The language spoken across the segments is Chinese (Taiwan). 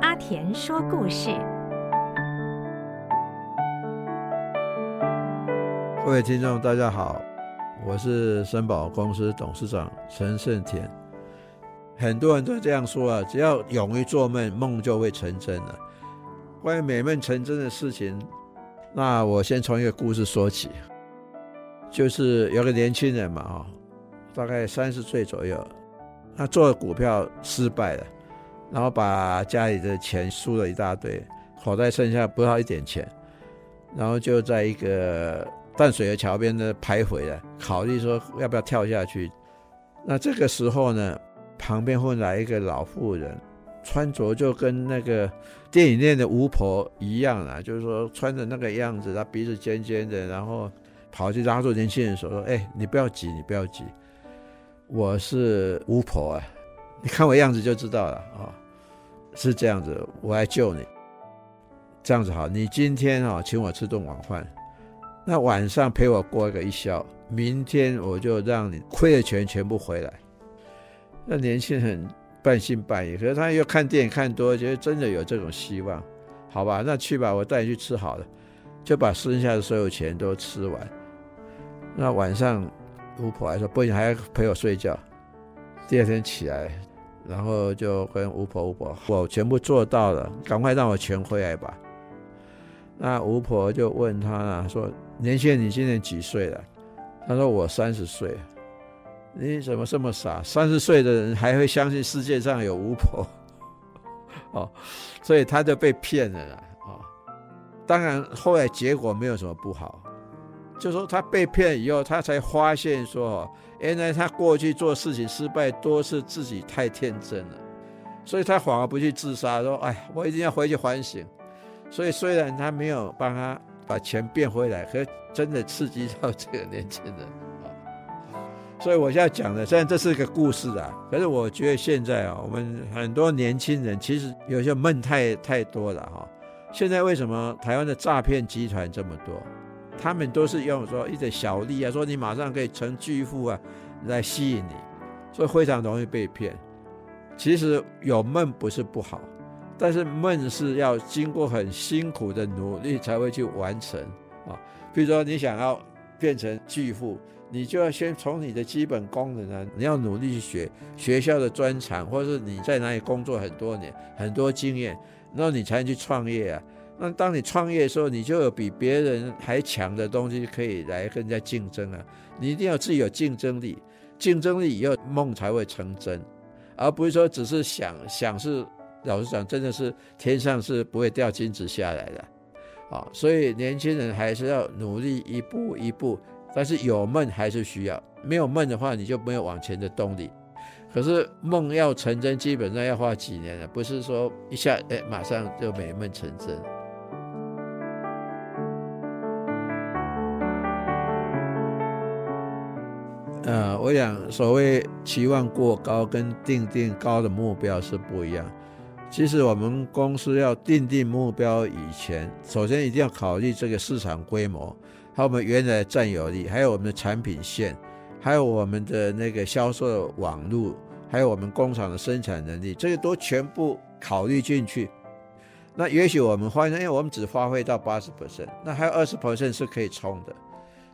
阿沺說故事。各位聽眾，大家好，我是聲寶公司董事長陳盛沺。很多人都這樣說啊，只要勇於做夢，夢就會成真了。關於美夢成真的事情，那我先從一個故事說起，就是有個年輕人嘛，大概三十歲左右。他做了股票失敗了，然後把家裡的錢輸了一大堆，口袋剩下不到一點錢，然後就在一個淡水的橋邊呢徘徊了，考慮說要不要跳下去。那這個時候呢，旁邊會來一個老婦人，穿着就跟那個電影院的巫婆一樣啊，就是說穿着那個樣子，她鼻子尖尖的，然後跑去拉住年輕人手說：“哎、欸，你不要急，你不要急。”我是巫婆啊，你看我樣子就知道了啊、哦，是這樣子，我來救你。這樣子好，你今天啊、哦、請我吃頓晚飯，那晚上陪我過一個一宵，明天我就讓你虧的錢全部回來。那年輕人半信半疑，可是他又看電影看多，覺得真的有這種希望，好吧，那去吧，我帶你去吃好的，就把剩下的所有錢都吃完。那晚上。巫婆還說：“不行，還要陪我睡覺。”第二天起來，然後就跟巫婆：“巫婆，我全部做到了，趕快讓我全回來吧。”那巫婆就問他了，說：“年輕人，你今年幾歲了？”他說：“我三十歲。”“你怎麼這麼傻？三十歲的人還會相信世界上有巫婆？”哦，所以他就被騙了啊！當然後來結果沒有什麼不好。就是說他被騙了以後，他才發現說，原來他過去做事情失敗多是自己太天真了，所以他反而不去自殺，說，哎，我一定要回去反省。所以雖然他沒有幫他把錢變回來，可是真的刺激到這個年輕人啊。所以我現在講的，雖然這是一個故事啊，可是我覺得現在啊，我們很多年輕人其實有些夢太太多了哈。現在為什麼台灣的詐騙集團這麼多？他們都是用說一點，小利啊，說你馬上可以成巨富啊，來吸引你，所以非常容易被騙。其實有夢不是不好，但是夢是要經過很辛苦的努力才會去完成啊。哦，譬如說你想要變成巨富，你就要先從你的基本功能啊，你要努力去學學校的專長，或者是你在哪裡工作很多年，很多經驗，那你才能去創業啊。那當你創業的時候，你就有比別人還強的東西可以來跟人家競爭啊！你一定要自己有競爭力，競爭力以後夢才會成真，而不是說只是想想是老實講，真的是天上是不會掉金子下來的啊！所以年輕人還是要努力一步一步，但是有夢還是需要，沒有夢的話你就沒有往前的動力。可是夢要成真，基本上要花幾年了，不是說一下哎，馬上就美夢成真。呃，我想所謂期望過高跟定定高的目標是不一樣。其實我們公司要定定目標以前，首先一定要考慮這個市場規模，還有我們原來的佔有率，還有我們的產品線，還有我們的那個銷售網絡，還有我們工廠的生產能力，這些、個、都全部考慮進去。那也許我們發現，因為我們只發揮到八十 percent，那還有二十 percent 是可以衝的，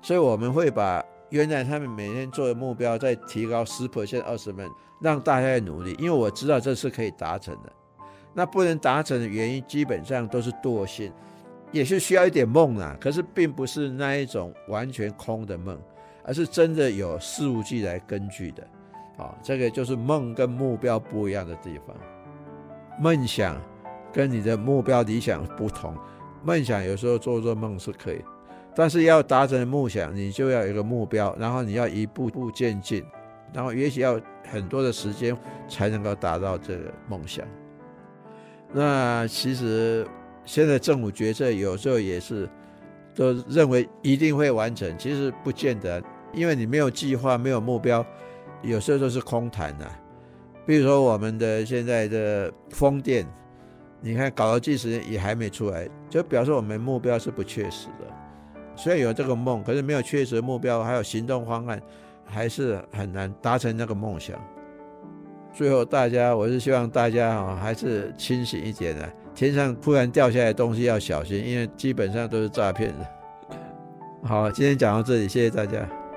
所以我們會把。原來他們每天做的目標在提高10% 20%，讓大家在努力，因為我知道這是可以達成的。那不能達成的原因基本上都是惰性，也是需要一點夢啦、啊。可是並不是那一種完全空的夢，而是真的有事物去來根據的。啊、哦，這個就是夢跟目標不一樣的地方。夢想跟你的目標理想不同，夢想有時候做做夢是可以。但是要達成夢想，你就要有一個目標，然後你要一步步漸進，然後也許要很多的時間才能夠達到這個夢想。那其實現在政府決策有時候也是都認為一定會完成，其實不見得啊，因為你沒有計劃，沒有目標，有時候都是空談吶啊。比如說我們的現在的風電，你看搞了幾十年也還沒出來，就表示我們目標是不確實的。雖然有這個夢，可是沒有確實目標，還有行動方案，還是很難達成那個夢想。最後，大家，我是希望大家啊、哦，還是清醒一點的、啊。天上突然掉下來的東西要小心，因為基本上都是詐騙的。好，今天講到這裡，謝謝大家。